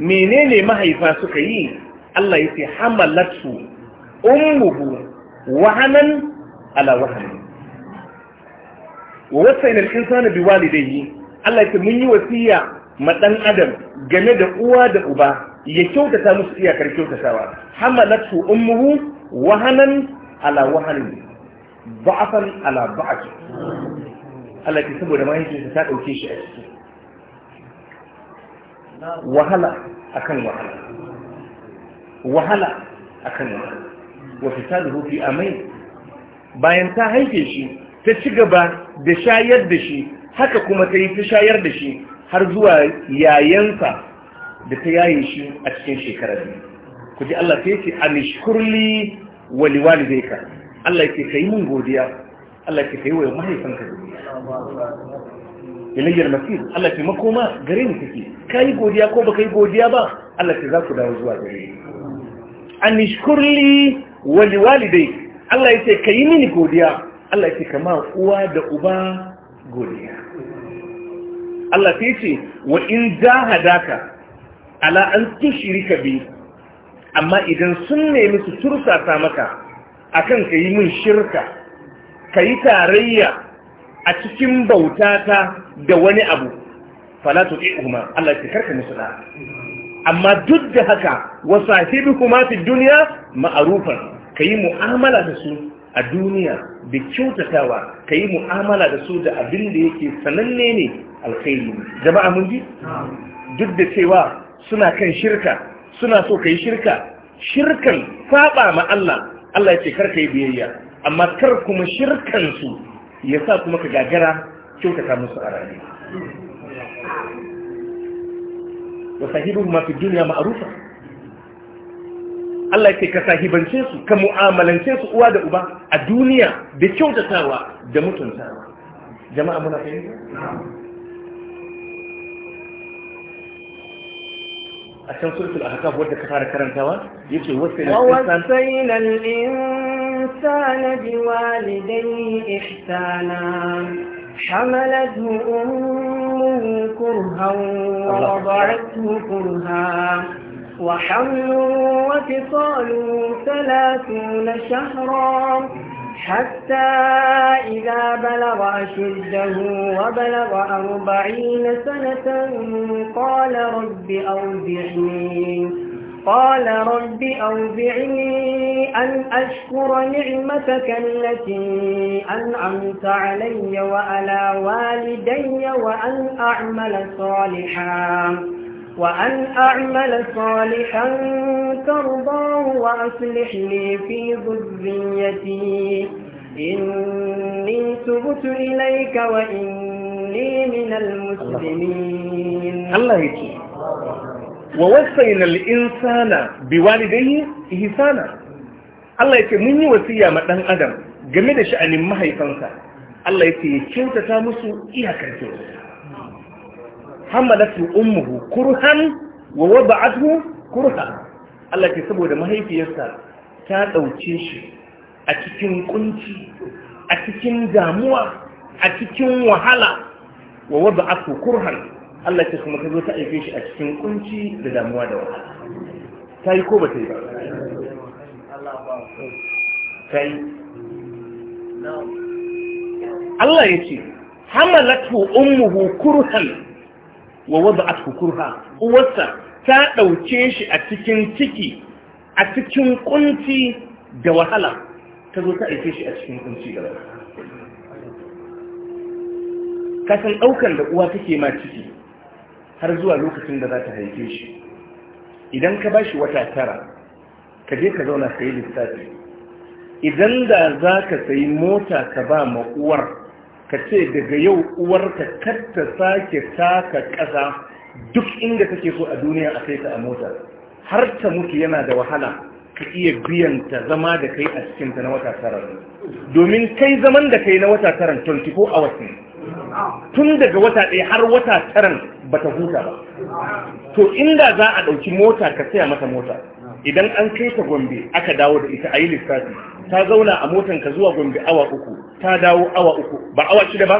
menene mahaifa suka yi Allah ya ce hamalatu أمه وهنا على وهن ووصينا الإنسان بوالديه الله يسمي وصية مدن أدم game da uwa da uba ya kyautata musu iyakar kyautatawa hamalatu ummuhu wahanan ala wahanin ba'afan ala ba'af Allah ke saboda mahaifiyarsa ta dauke shi a ciki wahala akan wahala wahala akan wahala Wata wa hufi a amai bayan ta haife shi ta ci gaba da shayar da shi haka kuma ta yi ta shayar da shi har zuwa yayansa da ta yaye shi a cikin shekarar biyu ku ji Allah yi ce amishkurli zai ka? Allah yake yi min godiya Allah yake yi wa mahaifanka godiya ilayyar masir Allah ce makoma gare ni Ka yi godiya ko ba ka yi godiya ba Allah ce za ku dawo zuwa gare ni amishkurli wali walidai Allah ya ce ka yi mini godiya Allah ya ce kama uwa da uba godiya Allah ta ce wa in jahadaka ala an tushrika bi amma idan sun nemi su tursata maka akan ka yi min shirka ka yi tarayya a cikin bautata da wani abu fala tu'ihuma Allah ya karka musu da amma duk da haka wasu sahibi kuma fi duniya ma'arufan ka yi mu'amala da su a duniya da kyautatawa ka yi mu'amala da su da abin da yake sananne ne alkhairi jama'a mun ji duk da cewa suna kan shirka suna so ka yi shirka shirkan faɓa ma Allah Allah ya ce kar ka yi biyayya amma kar kuma shirkan su ya sa kuma ka gagara kyautata musu a rayuwa wa sahibu ma fi dunya ma'rufa Allah ya ce ka sahibance su ka mu'amalance su uwa da uba a duniya da kyautatawa da mutuntawa jama'a muna fahimta a can a ahqaf wadda ka fara karantawa yace wasayna al-insana biwalidayhi ihsana حملته أمه كرها ووضعته كرها وحمل وفصال ثلاثون شهرا حتى إذا بلغ أشده وبلغ أربعين سنة قال رب أوزعني قال رب أوزعني أن أشكر نعمتك التي أنعمت علي وعلى والدي وأن أعمل صالحاً وأن أعمل صالحا ترضاه وأصلح لي في ذريتي إني تبت إليك وإني من المسلمين الله يكي ووصينا الإنسان بوالديه إحسانا Allah ya ce mun yi wasiya ma ɗan adam game da sha'anin mahaifansa Allah ya ce kyautata musu iyakar kyautata hamalatu ummuhu kurhan wa wada'athu kurha Allah ke saboda mahaifiyarsa ta dauke shi a cikin kunci a cikin damuwa a cikin wahala wa wada'athu kurhan Allah ke kuma kazo ta aike shi a cikin kunci da damuwa da wahala kai ko ba tai ba kai Allah ya ce hamalatu ummuhu kurhan wa wada'at kurha uwarsa ta ɗauke shi a cikin ciki a cikin kunci da wahala ta zo ta aike shi a cikin kunci da kasan ɗaukan da uwa take ma ciki har zuwa lokacin da za ta haife shi idan ka bashi wata tara ka je ka zauna ka lissafi idan da za ka sayi mota ka ba ma uwar ka ce daga yau uwarka katta sake taka ƙasa duk inda take so a duniya a kai ta a mota har ta mutu yana da wahala ka iya biyan ta zama da kai a cikin ta na wata tara domin kai zaman da kai na wata tara 24 hours ne tun daga wata ɗaya har wata tara bata huta ba to inda za a ɗauki mota ka saya mata mota idan an kai ta gombe aka dawo da ita a yi lissafi ta zauna a motan ka zuwa gombe awa uku ta dawo awa uku ba awa shida ba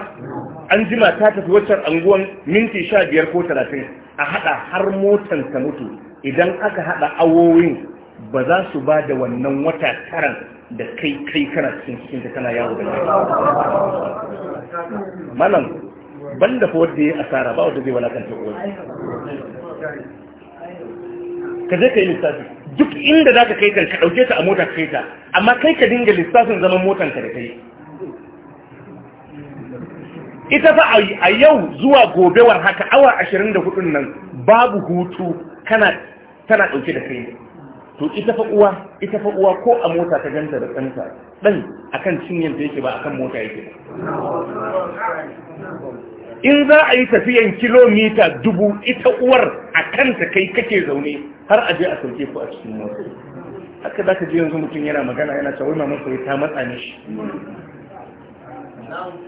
an jima ta tafi waccan anguwan minti sha biyar ko talatin a haɗa har motan ta mutu idan aka haɗa awowin ba za su ba da wannan wata karan da kai kai kana cikin cikin ta kana yawo da malam banda fa wanda ya asara ba wanda zai walakanta uwa ka je ka yi lissafi duk inda za ka kai ta ka ɗauke ta a motar kai ta amma kai ka dinga lissafin zaman motanka ka da kai ita fa a yau zuwa gobewar haka awa ashirin da nan babu hutu kana tana ɗauke da kai to ita fa uwa ita fa uwa ko a mota ta ganta da ɗanta ɗan akan cinyanta yake ba akan mota yake in za a yi tafiyan kilomita dubu ita uwar a kanta kai kake zaune har a je a sauke ku a cikin mota haka za ka je yanzu mutum yana magana yana cewa mamar sai ta matsa mishi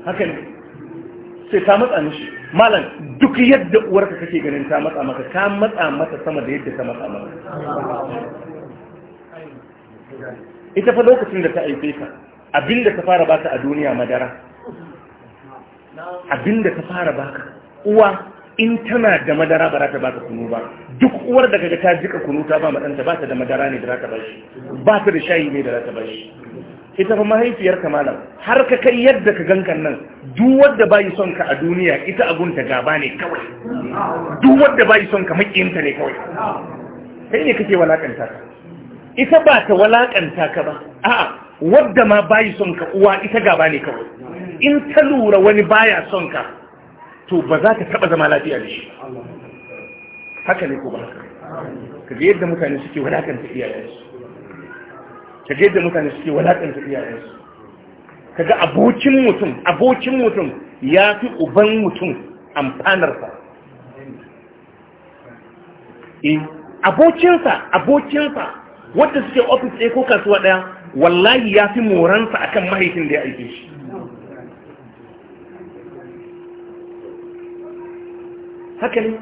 haka ne sai ta matsa mishi malam duk yadda uwarka kake ganin ta matsa maka ta matsa mata sama da yadda ta matsa maka ita fa lokacin da ta aife ka abinda ta fara ta a duniya madara abinda ta fara baka uwa in tana da madara ba za ta baka kunu ba duk uwar da kaga ta jika kunu ta ba madanta ba ta da madara ne da za ta bashi ba ta da shayi ne da za ta bashi ita fa mahaifiyar malam, har ka kai yadda ka gankan nan duk wanda bai son ka a duniya ita abun ta gaba ne kawai duk wanda bai son ka makiyinta ne kawai kai ne kake walakanta ka ita ba ta walakanta ka ba a'a wadda ma bai son ka uwa ita gaba ne kawai in ta lura wani baya son ka to ba za ka taba zama lafiya da shi haka ne ko ba ka ga yadda mutane suke wadakanta iyayensu ka ga yadda mutane suke wadakanta iyayensu ka ga abokin mutum abokin mutum ya fi uban mutum amfanarsa eh, abokinsa abokinsa wadda suke ofis ɗaya ko kasuwa ɗaya wallahi ya fi moransa akan mahaifin da ya aike shi haka ne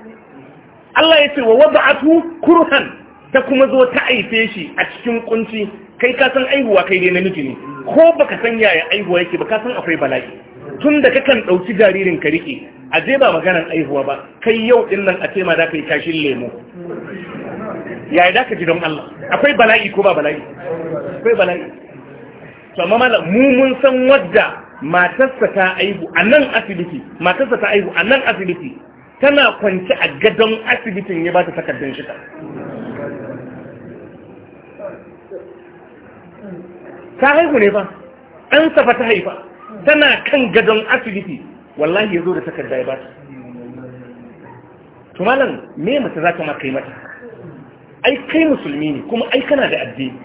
Allah ya ce wa wada'atu kurhan ta kuma zo ta aife shi a cikin kunci kai ka san aihuwa kai dai namiji ne ko baka san yaya aihuwa yake ba ka san akwai bala'i tun da kakan ɗauki jaririn ka rike a je ba maganar aihuwa ba kai yau din nan a ce ma za ka yi kashin lemo yaya da ka ji don Allah akwai bala'i ko ba bala'i akwai bala'i to amma mala mu mun san wadda matarsa ta aihu a nan asibiti matarsa ta aihu a nan asibiti tana kwanci a gadon asibitin ya ba ta takardun shika ta haihu ne ba an safa ta haifa tana kan gadon asibiti wallahi ya zo da takarda ya ba ta tumalan me mace za ta ma mata ai kai musulmi ne kuma ai kana da addini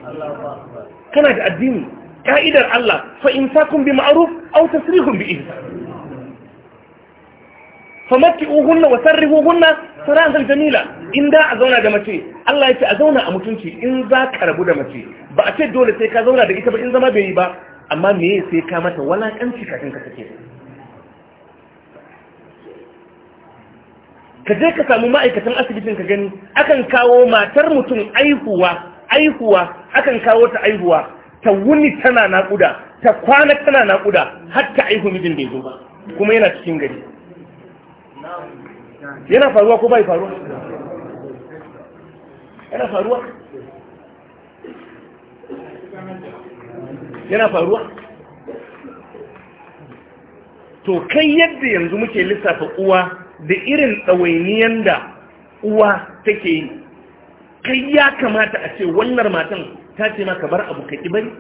kana da addini ka'idar Allah fa sakun bi ma'ruf aw tasrihun bi ihsan famatti uhunna wa sarrihu hunna jamila in da a zauna da mace Allah ya ce a zauna a mutunci in za ka rabu da mace ba a ce dole sai ka zauna da ita ba in zama bai yi ba amma me sai ka mata walakanci kafin ka take? ka je ka samu ma'aikatan asibitin ka gani akan kawo matar mutum aihuwa aihuwa akan kawo ta aihuwa ta wuni tana naƙuda ta kwana tana naƙuda har ta aihu mijin bai zo ba kuma yana cikin gari yana faruwa ko bai faruwa yana faruwa yana faruwa to kai yadda yanzu muke lissafa uwa da irin ɗawainiyan da uwa take yi kai ya kamata a ce wannan matan ta ce maka bar abu ka ƙi bari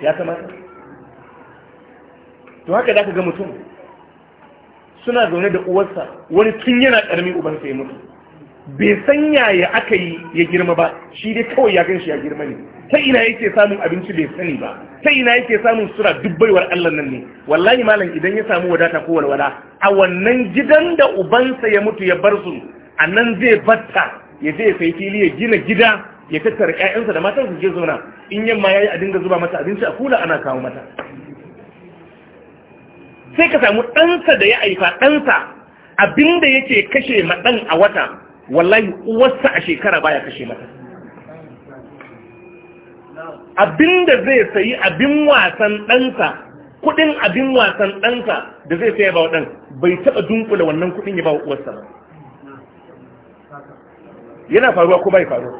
ya kamata to haka da ka ga mutum suna zaune da uwarsa wani tun yana ƙarami ubansa ya mutu bai san yaya aka yi ya girma ba shi dai kawai ya gan shi ya girma ne ta ina yake samun abinci bai sani ba ta ina yake samun sura dubbaiwar Allah nan ne wallahi malam idan ya samu wadata ko walwala a wannan gidan da ubansa ya mutu ya bar su a nan zai batta ya je ya sai fili ya gina gida ya tattara ƴaƴansa da matansa je zauna in yamma yayi a dinga zuba mata abinci a kula ana kawo mata sai ka samu ɗansa da ya aifa ɗansa abinda yake kashe ma a wata wallahi uwarsa a shekara baya kashe mata abinda zai sayi abin wasan ɗansa kuɗin abin wasan ɗansa da zai saya ba wa ɗan bai taɓa dunkula wannan kuɗin ya ba wa uwarsa ba yana faruwa ko bai faruwa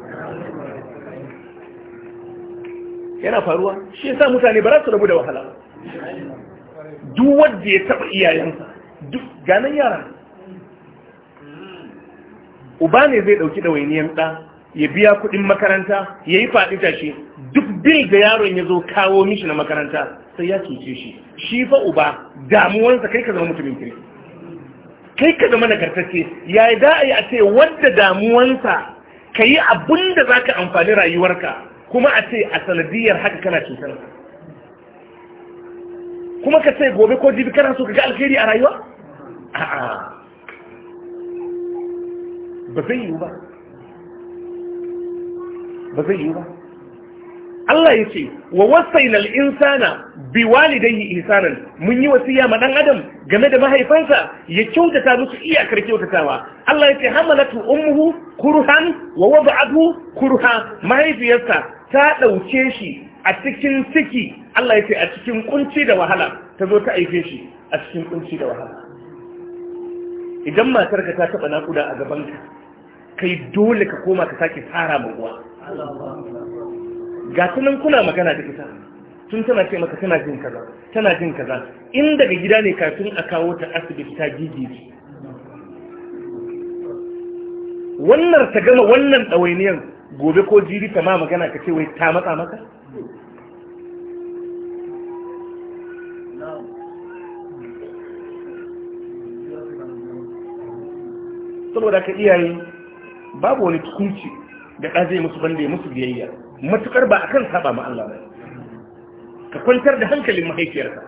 yana faruwa shi yasa mutane ba za su rabu da wahala duk wadda ya taba iyayensa duk ganin yara uba ne zai dauki ɗawainiyar ɗa ya biya kuɗin makaranta ya yi faɗi tashi duk bil da yaron ya zo kawo mishi na makaranta sai ya cuce shi shi fa uba damuwansa kai ka zama mutumin kiri kai ka zama nagartacce ya da a yi a ce wadda damuwarsa ka yi abin da za ka amfani rayuwarka kuma a ce a sanadiyar haka kana cutar kuma ka ce gobe ko jibi kana so ka ga alheri a rayuwa a'a ba zai yiwu ba ba zai yiwu ba Allah ya ce wa wasaina al-insana bi walidayhi ihsanan mun yi wasiya ma dan adam game da mahaifansa ya kyautata musu iyakar kyautatawa Allah ya ce hamalatu ummuhu kurhan wa wada'ahu kurha mahaifiyarsa ta dauke shi a cikin ciki Allah ya ce a cikin kunci da wahala ta zo ta aife shi a cikin kunci da wahala idan matarka ta taba nakuda a gabanka kai dole ka koma ka sake fara uwa ga tunan kuna magana da ita tun tana ce maka tana jin kaza tana jin kaza in daga gida ne kafin a kawo ta asibiti ta gigiri wannan ta gama wannan ɗawainiyar gobe ko jiri ta ma magana ka ce wai ta matsa maka saboda ka iyaye babu wani tukunci da ka zai musu banda ya musu biyayya matukar ba kan saba ma Allah ba ka kwantar da hankalin mahaifiyarka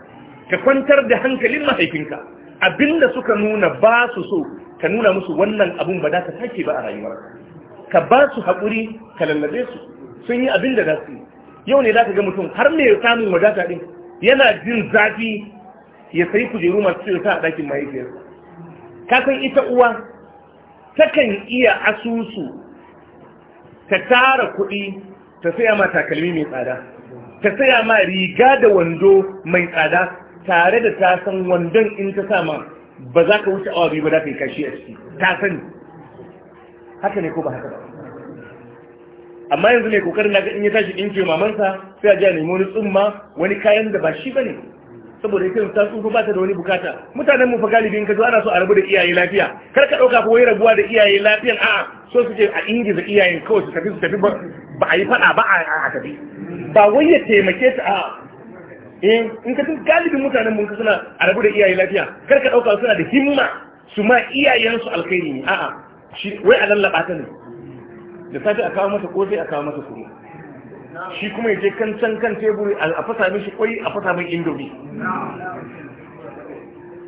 ka kwantar da hankalin mahaifinka abinda suka nuna ba su so ka nuna musu wannan abun ba da ka sake ba a rayuwar ka ba su haƙuri ka lallabe su sun yi abinda za su yi yau ne za ka ga mutum har mai samun wadata ɗin yana jin zafi ya sai kujeru masu ciwo a ɗakin mahaifiyar kasan ita uwa takan iya asusu ta tara kuɗi ta saya ma takalmi mai tsada ta saya ma riga da wando mai tsada tare da ta san wandon in ta sama ba za ka wuce awa biyu ba za ka yi kashi a ciki ta sani haka ne ko ba haka ba amma yanzu mai kokarin na in ya tashi dinke mamansa sai a ji a nemi wani tsumma wani kayan da ba shi ba ne. saboda ita ta tsufa ba ta da wani bukata mutanen mu fa in ka zo ana so a rabu da iyaye lafiya kar ka dauka fa wai rabuwa da iyaye lafiyan a'a so suke a ingiza iyayen kawai su tafi su tafi ba Ba a yi fada ba a tafi ba wai ya taimake ta a'a eh in ka tun galibin mutanen mun suna a rabu da iyaye lafiya kar ka dauka suna da himma su ma iyayen su alkhairi a'a shi wai a lallaba ta ne da safe a kawo masa kofi a kawo masa kunu shi kuma ya je kan can kan teburi a fasa mishi kwai a fasa mai indomi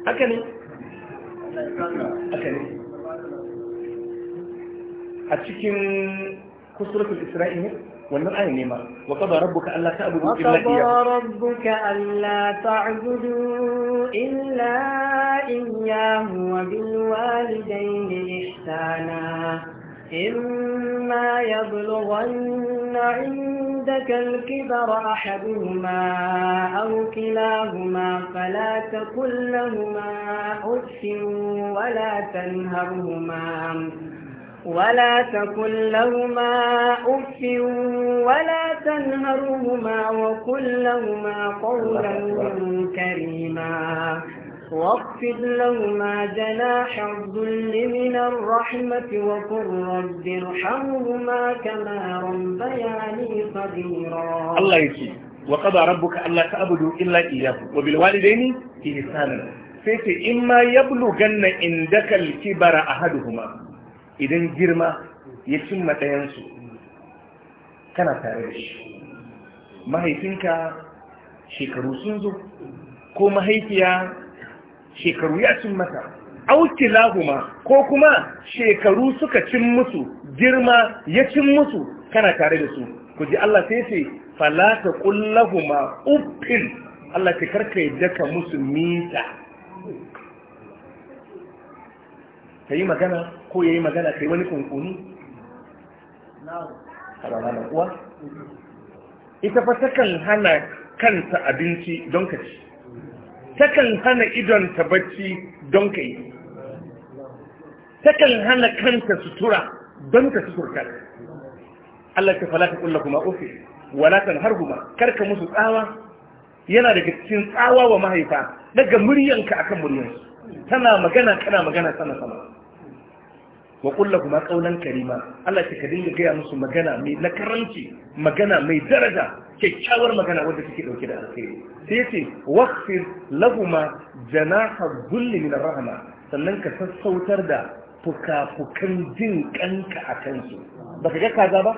haka ne haka ne a cikin kusuratul isra'i ne wannan ayin nema ma wa qada rabbuka alla ta'budu illa iyyahu wa qada rabbuka alla ta'budu illa iyyahu wa bil walidayni ihsana إما يبلغن عندك الكبر أحدهما أو كلاهما فلا تقل لهما أف ولا تنهرهما ولا تقل لهما أف ولا تنهرهما وقل لهما قولا كريما واغفر لهما جناح الذل من الرحمة وقل رب ارحمهما كما ربياني صغيرا الله يكي وقضى ربك أن لا تعبدوا إلا إياه وبالوالدين إحسانا sai in ma ya bulugan na indaka likibara a haduhuma idan girma ya cimma ɗayansu kana tare da shi mahaifinka shekaru sun zo ko mahaifiya shekaru ya cin mata lahuma, ko kuma shekaru suka cin musu girma ya cin musu kana tare da su ku ji Allah sai sai fala kullahuma uffin Allah ta karka yadda ka musu mita ka yi magana ko ya yi magana ka yi wani kunkuni ita fa takan hana kanta abinci don ka ci takan hana idonta bacci don ka yi takan hana kanta sutura don ta suturta Allah ta fala ta kulla kuma ofe wala har kuma karka musu tsawa yana daga cikin tsawa wa mahaifa daga muryanka akan muryansu tana magana kana magana sana sama wa kulla kuma kaunan karima Allah ta ka dinga gaya musu magana mai na karanci magana mai daraja kyakkyawar magana wanda take dauke da alkhairi sai ce waqfir lahuma janaha dhulli min rahma sannan ka sassautar da fukafukan jin kanka a kansu baka ga kaza ba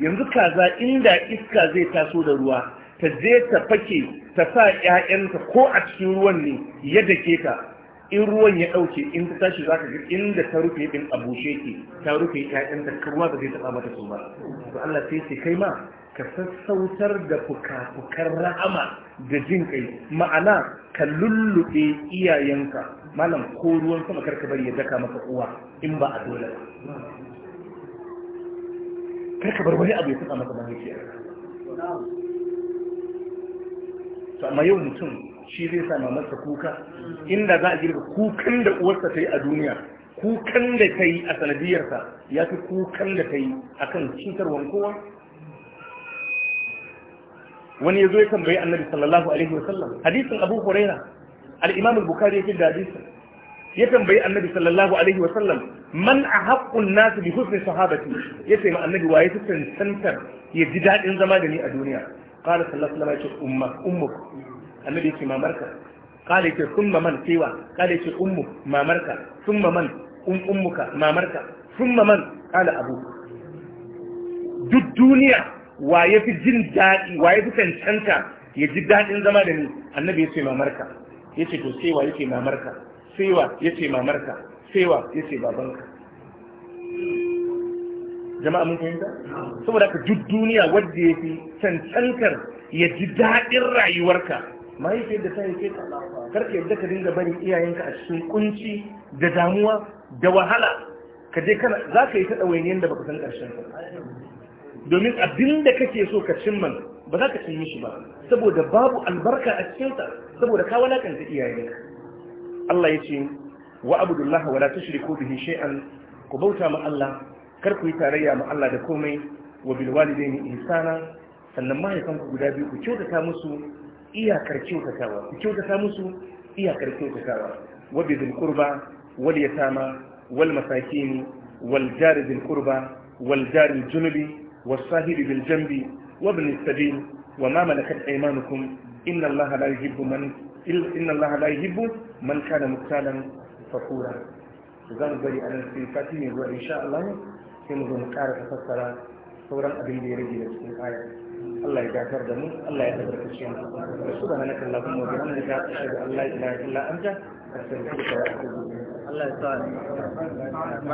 yanzu kaza inda iska zai taso da ruwa ta je ta fake ta sa ƴaƴanta ko a cikin ruwan ne ya dake ka in ruwan ya ɗauke in ta tashi za ka ga inda ta rufe ɗin a bushe ke ta rufe ƴaƴan da karwa ba zai taɓa mata su ba to Allah sai ce kai ma ka sassautar da fuka fukar rahama da jin kai ma'ana ka lullube iyayenka malam ko ruwan sama kar ka bari ya daka maka uwa in ba a dole ba Kar ka bar wani abu ya saka maka mahaifiyarka to amma yau mutum shi zai sa masa kuka inda za a girka kukan da uwarsa ta yi a duniya kukan da ta yi a sanadiyarsa ya fi kukan da ta yi a kan cutarwan kowa wani ya zo ya tambayi annabi sallallahu alaihi wasallam hadisin abu huraira al-imam ya bukhari da hadisin ya tambayi annabi sallallahu alaihi wasallam man a haƙƙun nas bi husni sahabati yace ma annabi waye ta tantar ya ji daɗin zama da ni a duniya qala sallallahu alaihi wasallam ummuk annabi ce mamarka kala yake kuma man siwa kala yake ummu mamarka kuma man um ummuka mamarka kuma man kala abu duk duniya wa fi jin daɗi wa fi cancanta ya ji daɗin zama da ni annabi ya ce mamarka Yace to sai ya ce mamarka sai wa yace mamarka sewa wa yace babanka jama'a mun fahimta saboda ka duk duniya wanda ya fi cancantar ya ji daɗin rayuwarka mahaifiyar da ta haife ka karka yadda ka dinga bari iyayenka a cikin kunci da damuwa da wahala ka je kana za ka yi ta ɗawainiyar da baka san ƙarshen ka domin abin da kake so ka cimma ba za ka cin shi ba saboda babu albarka a cikinsa saboda ka walakanta iyayenka Allah ya ce wa abudullahi wala tushriku bihi shay'an ku bauta ma Allah kar ku yi tarayya ma Allah da komai wa bil walidaini ihsana sannan mahaifanku guda biyu ku kyautata musu iyakar kyautatawa ku kyautata musu iyakar kyautatawa wa bi dhil wal yatama wal masakin wal jari dhil qurba wal jari junubi was sahibi bil janbi wa ibn sabil wa ma malakat aymanukum inna allaha la yuhibbu man inna allaha la yuhibbu man kana muktalan fakura zan bari anan sai fati ne zuwa insha Allah sai mu zo mu ƙara fassara sauran abin da ya rage da cikin aya Allah ya dakar da mu Allah ya albarkace mu subhanaka allahumma wa bihamdika ashhadu an la ilaha illa Allah ya wa atubu Allah ya sa